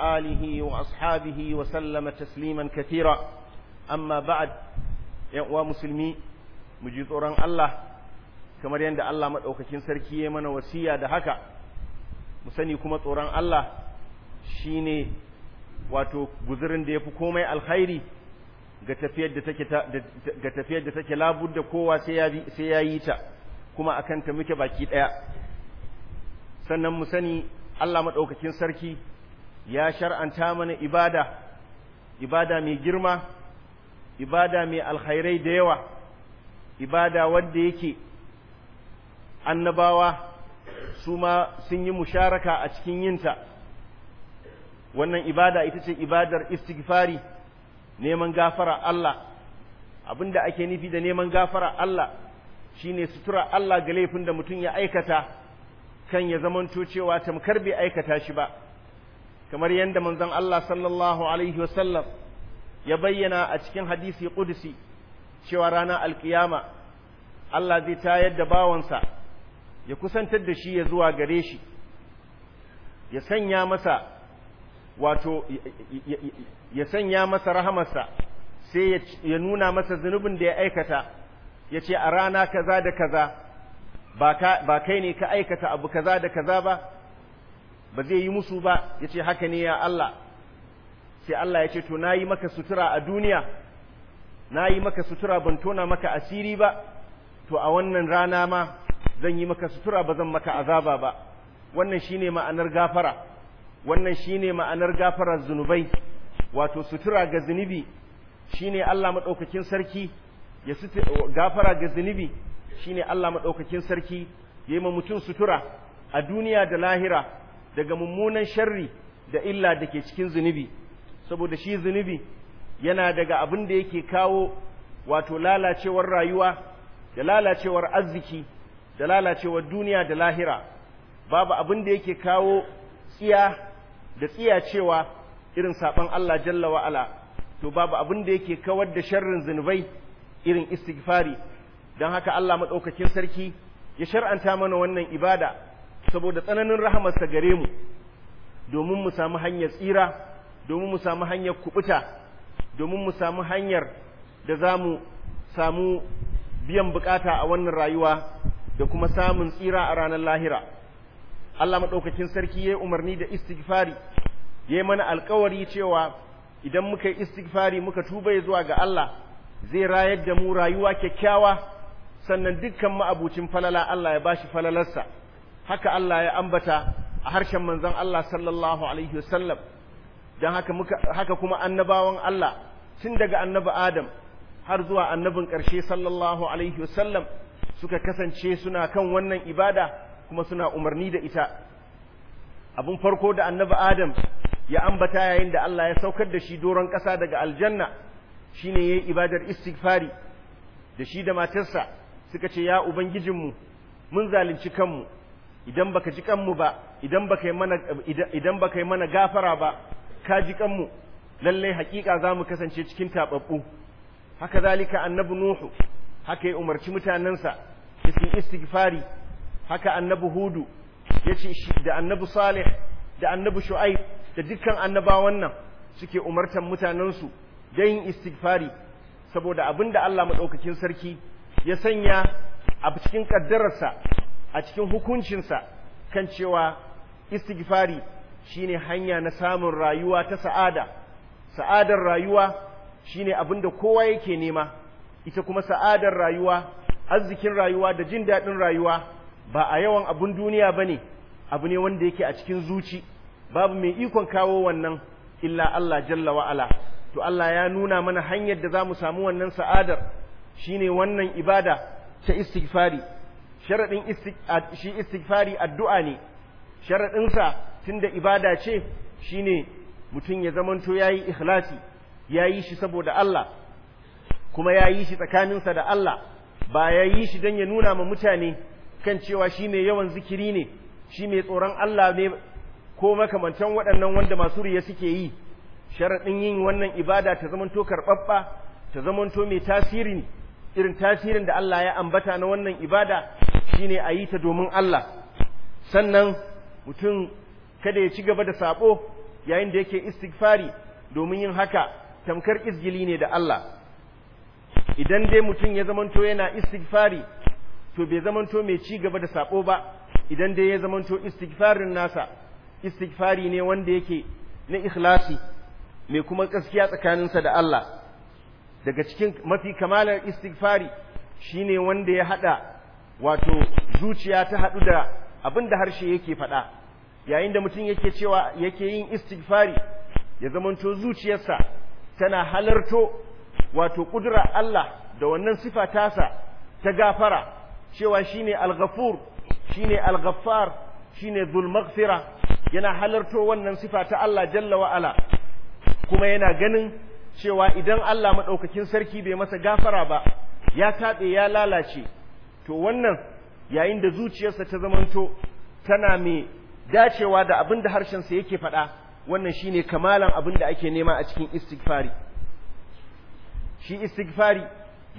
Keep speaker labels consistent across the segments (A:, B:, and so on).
A: آله وأصحابه وسلم تسليما كثيرا أما بعد يقوى مسلمي مجيز أوران الله كما يند الله مدعوكين سركي من وسيا دهكا مسني كما أوران الله شيني wato guzurin da ya fi komai alkhairi ga tafiyar da take ga da kowa sai ya yi ta kuma akan ta muke baki daya sannan mu sani Allah maɗaukakin sarki ya shar'anta mana ibada ibada mai girma ibada mai alkhairai da yawa ibada wanda yake annabawa su ma sun yi musharaka a cikin yinta wannan ibada ita ce ibadar istighfari neman gafara Allah abinda ake nufi da neman gafara Allah shine sutura Allah ga laifin da mutum ya aikata kan ya zamanto cewa tamkar bai aikata shi ba kamar yadda manzon Allah sallallahu alaihi wasallam ya bayyana a cikin hadisi kudusi cewa ranar alkiyama Allah zai tayar da bawansa ya kusantar da shi ya zuwa gare shi ya sanya masa wato ya sanya masa rahamarsa sai ya nuna masa zunubin da ya aikata ya ce a rana kaza da kaza ba kai ne ka aikata abu kaza da kaza ba ba zai yi musu ba ya ce haka ne ya Allah sai Allah ya ce to na yi maka sutura a duniya na yi maka sutura ban tona maka asiri ba to a wannan rana ma zan yi maka sutura ba zan maka azaba ba wannan shi ne ma'anar gafara wannan shi ne ma'anar gafarar zunubai wato sutura ga zunubi ne Allah maɗaukakin sarki ya gafara ga zunubi ne Allah maɗaukakin sarki ya yi ma mutum sutura a duniya da lahira daga mummunan sharri da illa da ke cikin zunubi saboda shi zunubi yana daga abin da yake kawo wato lalacewar rayuwa da lalacewar arziki da lalacewar duniya da lahira babu abin da yake kawo tsiya da tsiya cewa irin saban Allah jalla wa'ala to babu abin da yake kawar da sharrin zunubai irin istighfari don haka Allah maɗaukakin sarki ya shar'anta mana wannan ibada saboda tsananin rahamarsa gare mu domin mu samu hanyar tsira domin mu samu hanyar kubuta domin mu samu hanyar da za mu samu biyan bukata a wannan rayuwa da kuma samun tsira a ranar lahira Allah maɗaukakin sarki ya yi umarni da istighfari ya yi mana alkawari cewa idan muka yi istighfari muka tuba ya zuwa ga Allah zai rayar da mu rayuwa kyakkyawa sannan dukkan ma'abucin falala Allah ya bashi falalarsa haka Allah ya ambata a harshen manzon Allah sallallahu alaihi wasallam dan haka muka haka kuma annabawan Allah tun daga annabi Adam har zuwa annabin ƙarshe sallallahu alaihi wasallam suka kasance suna kan wannan ibada kuma suna umarni da ita abun farko da annabi Adam ya ambata yayin da Allah ya saukar da shi doron ƙasa daga aljanna shine yayi ibadar istighfari da shi da matarsa suka ce ya ubangijinmu mun zalunci kanmu idan baka ji kanmu ba idan baka yi mana idan baka yi mana gafara ba ka ji kanmu lalle hakika zamu kasance cikin tababbu haka zalika annabi nuhu haka ya umarci mutanansa cikin istighfari haka annabi hudu yace da annabi salih da annabi shu'aib da dukkan annabawan nan suke umartan mutanansu da yin istighfari saboda abinda Allah madaukakin sarki ya sanya a cikin kaddararsa a cikin hukuncinsa kan cewa istighfari shine hanya na samun rayuwa ta sa'ada sa'adar rayuwa shine da kowa yake nema ita kuma sa'adar rayuwa arzikin rayuwa da jin daɗin rayuwa ba a yawan abun duniya bane abu ne wanda yake a cikin zuci babu mai ikon kawo wannan illa Allah jalla wa ala to Allah ya nuna mana hanyar da zamu samu wannan sa'adar shine wannan ibada ta istighfari sharaɗin shi istighfari addu'a ne sharaɗinsa tunda ibada ce shine mutum ya zamanto yayi ikhlasi yayi shi saboda Allah kuma yayi shi tsakanin sa da Allah ba yayi shi dan ya nuna ma mutane kan cewa shi mai yawan zikiri ne shi mai tsoron Allah ne ko makamantan waɗannan wanda masu riya suke yi sharaɗin yin wannan ibada ta zamanto karɓaɓɓa ta zamanto mai tasiri irin tasirin da Allah ya ambata na wannan ibada ne a yi ta domin Allah sannan mutum kada ya ci gaba da sabo yayin da yake istighfari domin yin haka tamkar izgili ne da Allah idan dai mutum ya zamanto yana istighfari to bai zamanto mai ci gaba da sabo ba idan dai ya zamanto istighfarin nasa istighfari ne wanda yake na ikhlasi mai kuma gaskiya tsakaninsa da Allah daga cikin mafi kamalar istighfari shine wanda ya haɗa. wato zuciya ta haɗu da abin da harshe yake faɗa yayin da mutum yake cewa yake yin istighfari ya zamanto zuciyarsa tana halarto wato kudura Allah da wannan sifa tasa ta gafara cewa shine al-ghafur shine al-ghaffar shine dhul maghfira yana halarto wannan sifa ta Allah jalla Wa'ala, kuma yana ganin cewa idan Allah madaukakin sarki bai masa gafara ba ya tabe ya lalace to wannan yayin da zuciyarsa ta zamanto tana mai dacewa da abin da harshensa yake faɗa wannan shine kamalan abin da ake nema a cikin istighfari shi istighfari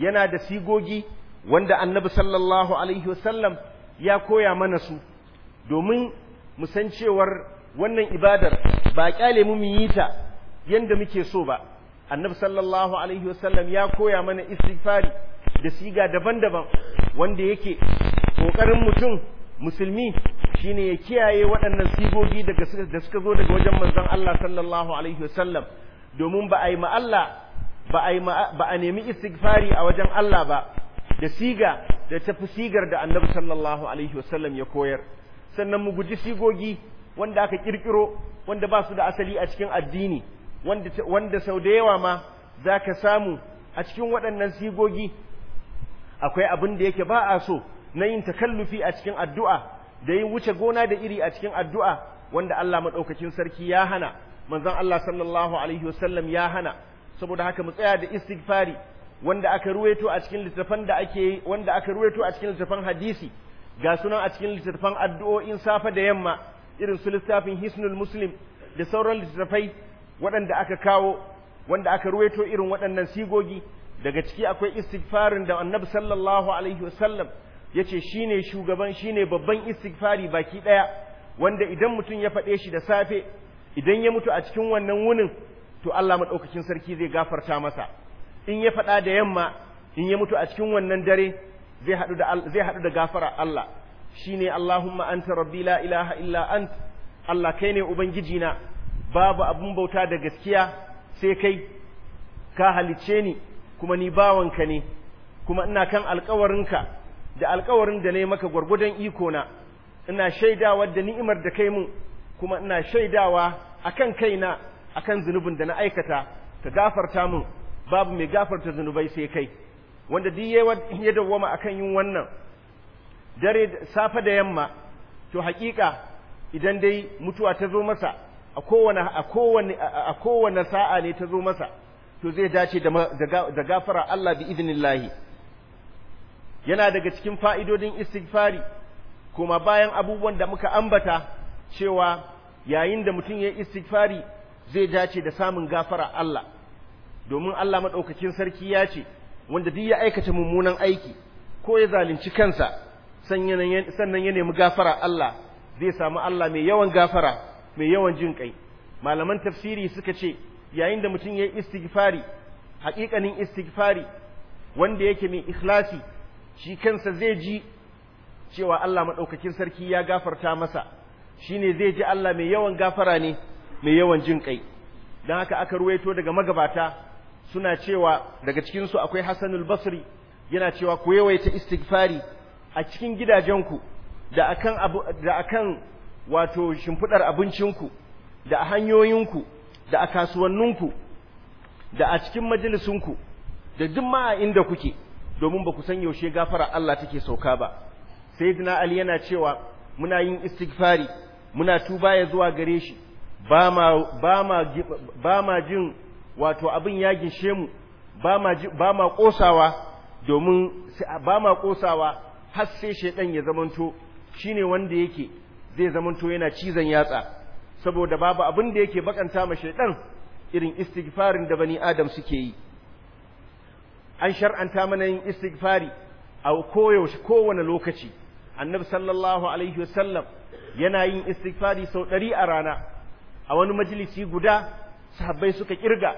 A: yana da sigogi wanda annabi sallallahu alaihi wasallam ya koya mana su domin mu san cewar wannan ibadar ba kyale mu yi ta yanda muke so ba annabi sallallahu alaihi wasallam ya koya mana istighfari da siga daban-daban wanda yake kokarin mutum musulmi shine ya kiyaye waɗannan sigogi daga da suka zo daga wajen manzon Allah sallallahu alaihi wasallam domin ba a ma Allah ba a ba a nemi istighfari a wajen Allah ba da siga da tafi sigar da Annabi sallallahu alaihi wasallam ya koyar sannan mu guji sigogi wanda aka kirkiro wanda ba su da asali a cikin addini wanda wanda sau da yawa ma zaka samu a cikin waɗannan sigogi akwai abin da yake ba a so na yin takallufi a cikin addu'a da yin wuce gona da iri a cikin addu'a wanda Allah maɗaukakin sarki ya hana manzan Allah sallallahu alaihi wasallam ya hana saboda haka mu tsaya da istighfari wanda aka ruweto a cikin littafan da ake wanda aka ruweto a cikin littafan hadisi ga sunan a cikin littafan addu'o'in safa da yamma irin su littafin Hisnul Muslim da sauran littafai waɗanda aka kawo wanda aka ruweto irin waɗannan sigogi daga ciki akwai istighfarin da annabi sallallahu alaihi wasallam yace shine shugaban shine babban istighfari baki daya wanda idan mutum ya faɗe shi da safe idan ya mutu a cikin wannan wunin to Allah madaukakin sarki zai gafarta masa in ya faɗa da yamma in ya mutu a cikin wannan dare zai haɗu da zai hadu da gafara Allah shine Allahumma anta rabbi la ilaha illa ant Allah kai ne ubangiji na babu abun bauta da gaskiya sai kai ka halice ni kuma ni bawanka ne kuma ina kan alkawarinka da alkawarin da na yi maka gwargwadon ikona ina shaidawa da ni'imar da kai mun kuma ina shaidawa akan kaina akan zunubin da na aikata ta gafarta mun babu mai gafarta zunubai sai kai wanda duk ya dawwama akan yin wannan dare safe da yamma to haƙiƙa idan dai mutuwa ta zo masa a kowane sa'a ne ta zo masa to zai dace da gafara Allah bi idinillahi yana daga cikin fa'idodin istighfari kuma bayan abubuwan da muka ambata cewa yayin da mutum ya istighfari zai dace da samun gafara Allah domin Allah maɗaukakin sarki ya ce wanda duk ya aikata mummunan aiki ko ya zalunci kansa sannan ya nemi gafara Allah zai samu Allah mai yawan gafara mai yawan jin kai malaman tafsiri suka ce yayin da mutum ya yi istighfari haƙiƙanin istighfari wanda yake mai ikhlasi shi kansa zai ji cewa Allah maɗaukakin sarki ya gafarta masa shi ne zai ji Allah mai yawan gafara ne mai yawan jin kai don haka aka ruwaito daga magabata suna cewa daga cikinsu akwai Hassanul Basri yana cewa ku yawaita istighfari a cikin gidajenku da akan abu da akan wato shimfidar abincinku da a hanyoyinku da a kasuwanninku da a cikin majalisunku da duk ma a inda kuke domin ba ku san yaushe gafara Allah take sauka ba sayyidina ali yana cewa muna yin istighfari muna tuba ya zuwa gare shi ba ma jin wato abin ya gishe mu ba ma ba ma kosawa domin ba ma kosawa har sai shedan ya zamanto shine wanda yake zai zamanto yana cizon yatsa saboda babu abin da yake bakanta ma shaidan irin istighfarin da bani adam suke yi an shar'anta mana yin istighfari a koyaushe kowane lokaci annabi sallallahu alaihi wasallam yana yin istighfari sau ɗari a rana a wani majalisi guda sahabbai suka kirga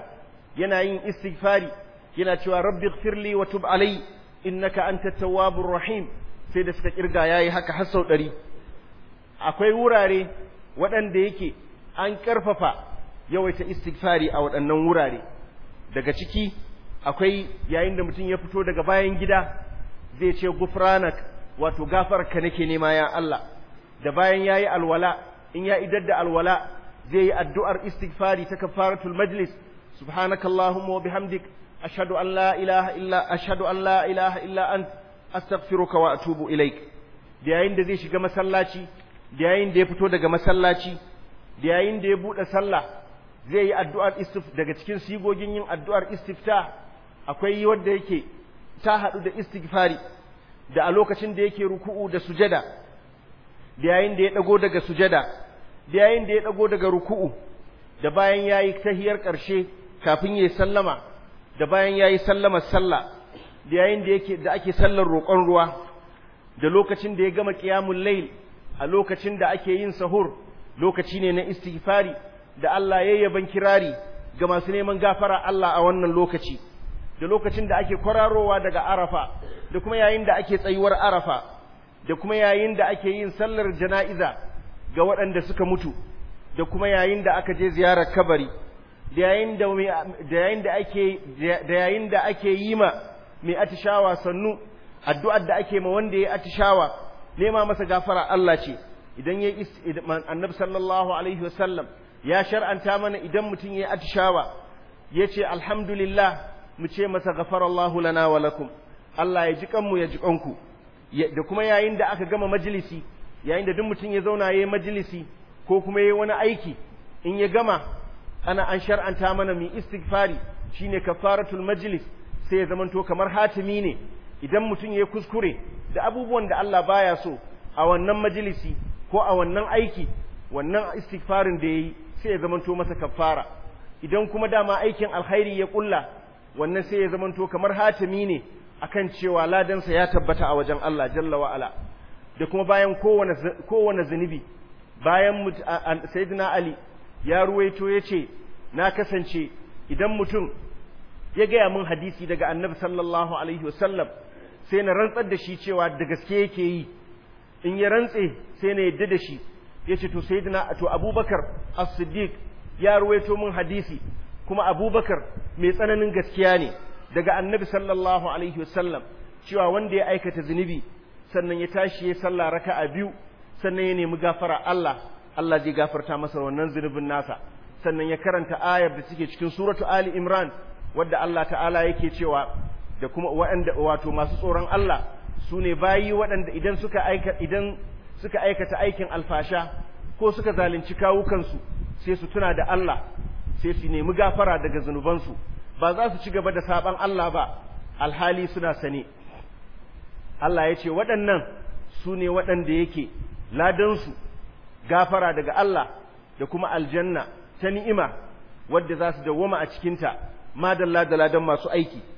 A: yana yin istighfari yana cewa rabbi ighfirli wa tub alai innaka antat tawwabur rahim sai da suka kirga yayi haka har sau ɗari akwai wurare waɗanda yake an ƙarfafa yawaita istighfari a waɗannan wurare daga ciki akwai yayin da mutum ya fito daga bayan gida zai ce gufranak wato gafarka nake nema ya Allah da bayan yayi alwala in ya idar da alwala zai yi addu'ar istighfari ta kafaratul majlis subhanakallahumma wa bihamdik ashhadu an la ilaha illa ashhadu an la ilaha illa ant astaghfiruka wa atubu ilaik da yayin da zai shiga masallaci da yayin da ya fito daga masallaci da yayin da ya buɗe sallah zai yi addu'ar istif daga cikin sigogin yin addu'ar istifta akwai wanda yake ta hadu da istighfari da a lokacin da yake ruku'u da sujada da yayin da ya dago daga sujada da yayin da ya dago daga ruku'u da bayan ya yi tahiyar karshe kafin ya sallama da bayan ya yi sallah da yayin da yake da ake sallar roƙon ruwa da lokacin da ya gama ƙiyamun layl a lokacin da ake yin sahur lokaci ne na istighfari da Allah ya yaban kirari ga masu neman gafara Allah a wannan lokaci da lokacin da ake kwararowa daga arafa da kuma yayin da ake tsayuwar arafa da kuma yayin da ake yin sallar jana'iza ga waɗanda suka mutu da kuma yayin da aka je ziyarar kabari da yayin da ake yi ma mai atishawa sannu addu'ar da ake ma wanda ya atishawa nema masa gafara Allah ce idan ya annabi sallallahu alaihi wasallam ya shar'anta mana idan mutum ya atishawa ya ce alhamdulillah mu ce masa gafarallahu lana wa lakum Allah ya ji kanmu ya ji kanku da kuma yayin da aka gama majalisi yayin da duk mutum ya zauna yayi majalisi ko kuma yayi wani aiki in ya gama ana an shar'anta mana mu istighfari shine kafaratul majlis sai ya zamanto kamar hatimi ne idan mutum ya kuskure da abubuwan da Allah baya so a wannan majalisi ko a wannan aiki wannan istighfarin da yayi sai ya zamanto masa kaffara idan kuma dama aikin alkhairi ya kulla wannan sai ya zamanto kamar hatimi ne akan cewa ladansa ya tabbata a wajen Allah jalla wa ala da kuma bayan kowane kowane zunubi bayan sayyidina ali ya ruwaito yace na kasance idan mutum ya gaya min hadisi daga annabi sallallahu alaihi wasallam sai na rantsar da shi cewa da gaske yake yi in ya rantse sai na yadda da shi ya ce to sayyidina to abubakar as-siddiq ya ruwaito min hadisi kuma abubakar mai tsananin gaskiya ne daga annabi sallallahu alaihi wasallam cewa wanda ya aikata zunubi sannan ya tashi ya sallah raka'a biyu sannan ya nemi gafara Allah Allah zai gafarta masa wannan zunubin nasa sannan ya karanta ayar da suke cikin suratu ali imran wadda Allah ta'ala yake cewa da kuma waɗanda wato masu tsoron Allah su ne bayi waɗanda idan suka aika idan suka aikata aikin alfasha ko suka zalunci kawukansu sai su tuna da Allah sai su nemi gafara daga zunubansu ba za su ci gaba da saban Allah ba alhali suna sane Allah ya ce waɗannan su ne waɗanda yake ladansu gafara daga Allah da kuma aljanna ta ni'ima wadda za su dawwama a cikinta madalla da ladan masu aiki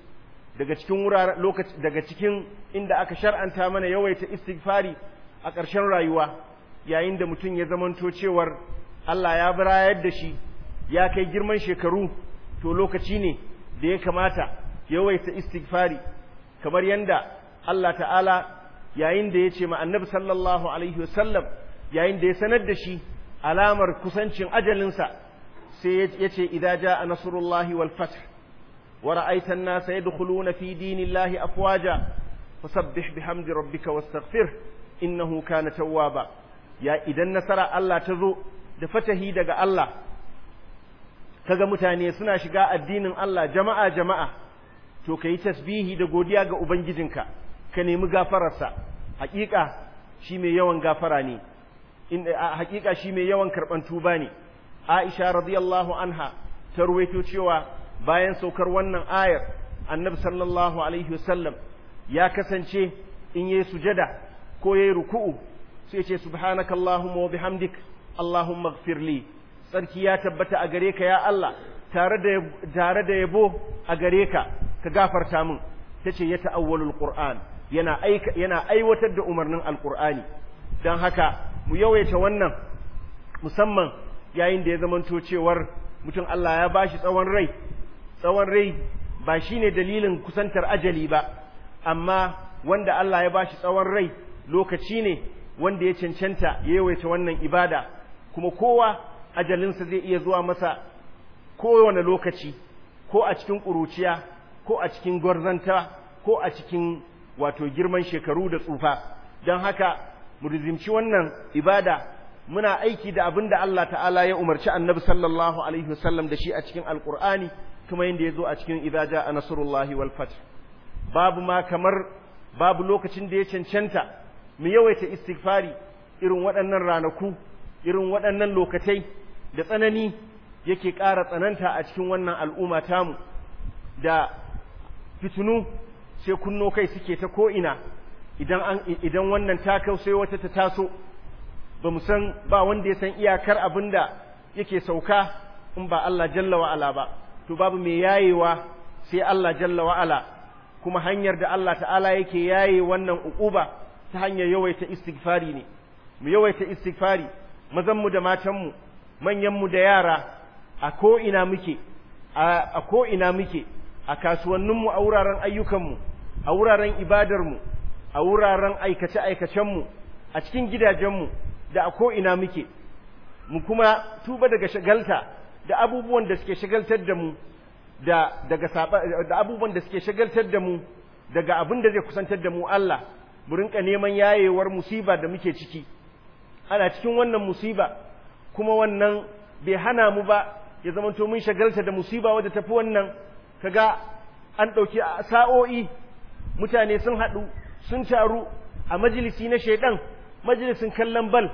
A: daga cikin wurare lokaci daga cikin inda aka shar'anta mana yawaita istighfari a ƙarshen rayuwa yayin da mutum ya zamanto cewar Allah ya birayar da shi ya kai girman shekaru to lokaci ne da ya kamata yawaita istighfari kamar yanda Allah ta'ala yayin da ya ce ma annabi sallallahu alaihi wasallam yayin da ya sanar da shi alamar kusancin ajalinsa sai ya ce idza jaa nasrullahi wal fath ورأيت الناس يدخلون في دين الله أفواجا فسبح بحمد ربك واستغفره إنه كان توابا يا إذا نسر الله تزو دفته دق الله kaga mutane suna shiga addinin Allah jama'a jama'a to kai tasbihi da godiya ga ubangijinka ka nemi gafararsa hakika shi mai yawan gafara ne in hakika shi mai yawan karban tuba ne Aisha radiyallahu anha ta ruwaito cewa bayan saukar wannan ayar annabi sallallahu alaihi wasallam ya kasance in yayi sujada ko yayi ruku'u sai ce subhanakallahumma wa bihamdik allahumma ighfirli sarki ya tabbata a gare ka ya Allah tare da tare da yabo a gare ka ka gafarta min tace ya ta'awwalul qur'an yana aika yana aiwatar da umarnin alqur'ani dan haka mu yawaita wannan musamman yayin da ya zamanto cewar mutum Allah ya bashi tsawon rai tsawon rai ba shi ne dalilin kusantar ajali ba amma wanda Allah ya ba shi tsawon rai lokaci ne wanda ya cancanta ya yawaita wannan ibada kuma kowa ajalinsa zai iya zuwa masa kowane lokaci ko a cikin ƙuruciya ko a cikin gwarzanta ko a cikin wato girman shekaru da tsufa don haka mu rizimci wannan ibada muna aiki da abin da Allah ta'ala ya umarci annabi sallallahu alaihi wasallam da shi a cikin alƙur'ani kuma ya zo a cikin izaja a nasrullahi walfat babu ma kamar babu lokacin da ya cancanta mu yawaita istighfari irin waɗannan ranaku irin waɗannan lokatai da tsanani yake ƙara tsananta a cikin wannan al'umma tamu da fitinu sai kunno kai suke ta ko'ina idan wannan takau sai wata ta taso ba mu san ba wanda ya san iyakar abin da yake sauka in ba Allah jalla wa'ala ba to babu mai yayewa sai Allah jalla wa'ala kuma hanyar da Allah ta'ala yake yaye wannan uquba ta hanyar yawaita istighfari ne mu yawaita istighfari mazan mu da matan mu manyan mu da yara a ko ina muke a ko ina muke a kasuwannin mu a wuraren ayyukan mu a wuraren ibadar mu a wuraren aikace aikacen mu a cikin gidajen mu da a ko ina muke mu kuma tuba daga shagalta da abubuwan da suke shagaltar da mu da daga da abubuwan da suke shagaltar da mu daga abin da zai kusantar da mu Allah mu rinka neman yayewar musiba da muke ciki ana cikin wannan musiba kuma wannan bai hana mu ba ya zamanto mun shagalta da musiba wadda tafi wannan kaga an ɗauki sa'o'i mutane sun haɗu sun taru a majalisi na shaidan majalisin kallon bal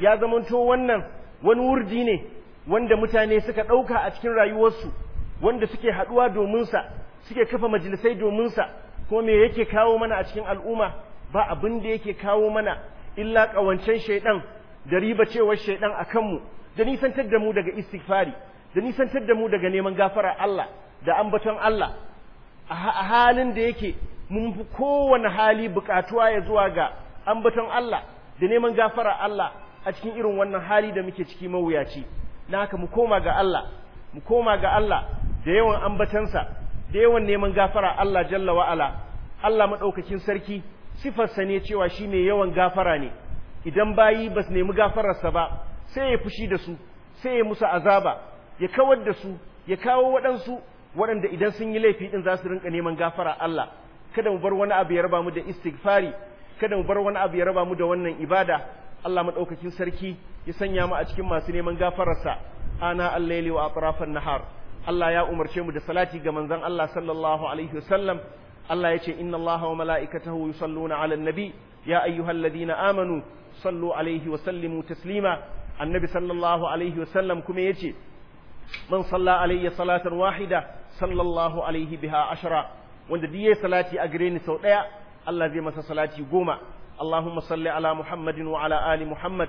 A: ya zamanto wannan wani wurdi ne wanda mutane suka ɗauka a cikin rayuwarsu wanda suke haɗuwa dominsa suke kafa majalisai dominsa ko me yake kawo mana a cikin al'umma ba abin da yake kawo mana illa ƙawancen shaiɗan da riba cewar shaiɗan a kanmu da nisantar da mu daga istighfari da nisantar da mu daga neman gafara Allah da ambaton Allah a halin da yake mun fi kowane hali buƙatuwa ya zuwa ga ambaton Allah da neman gafara Allah a cikin irin wannan hali da muke ciki mawuyaci na haka mu koma ga Allah mu koma ga Allah da yawan ambatansa da yawan neman gafara Allah jalla wa'ala Allah maɗaukakin sarki sifarsa ne cewa shi mai yawan gafara ne idan bayi bas nemi gafararsa ba sai ya fushi da su sai ya musu azaba ya kawar da su ya kawo waɗansu waɗanda idan sun yi laifi din za su rinka neman gafara Allah kada mu bar wani abu ya raba mu da istighfari kada mu bar wani abu ya raba mu da wannan ibada Allah maɗaukakin sarki ya sanya mu a cikin masu neman gafararsa ana allaili wa atrafan nahar Allah ya umarce mu da salati ga manzon Allah sallallahu alaihi wasallam Allah ya ce inna Allaha wa mala'ikatahu yusalluna 'alan nabi ya ayyuhalladhina amanu sallu alaihi wa sallimu taslima annabi sallallahu alaihi wasallam kuma yace man salla alayya salatan wahida sallallahu alaihi biha ashara wanda diye salati a gare ni sau daya Allah zai masa salati goma Allahumma salli ala Muhammadin wa ala ali Muhammad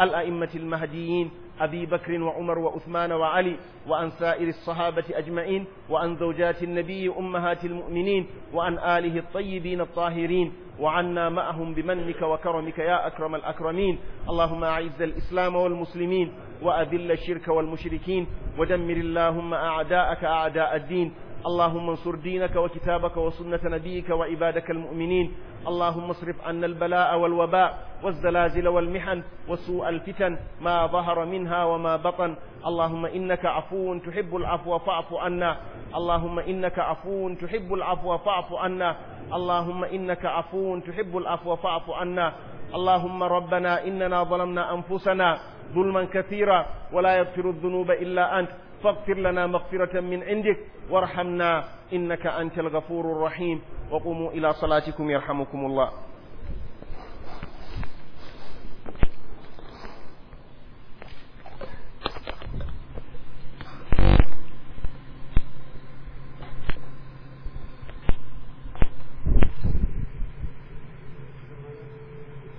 A: الأئمة المهديين أبي بكر وعمر وعثمان وعلي وأن سائر الصحابة أجمعين وأن زوجات النبي أمهات المؤمنين وأن آله الطيبين الطاهرين وعنا معهم بمنك وكرمك يا أكرم الأكرمين اللهم أعز الإسلام والمسلمين وأذل الشرك والمشركين ودمر اللهم أعداءك أعداء الدين اللهم انصر دينك وكتابك وسنة نبيك وعبادك المؤمنين اللهم اصرف عنا البلاء والوباء والزلازل والمحن وسوء الفتن ما ظهر منها وما بطن اللهم إنك عفو تحب العفو فاعف عنا اللهم إنك عفو تحب العفو فاعف عنا اللهم إنك عفو تحب العفو فاعف عنا اللهم ربنا إننا ظلمنا أنفسنا ظلما كثيرا ولا يغفر الذنوب إلا أنت فاغفر لنا مغفرة من عندك وارحمنا إنك أنت الغفور الرحيم وقوموا إلى صلاتكم يرحمكم الله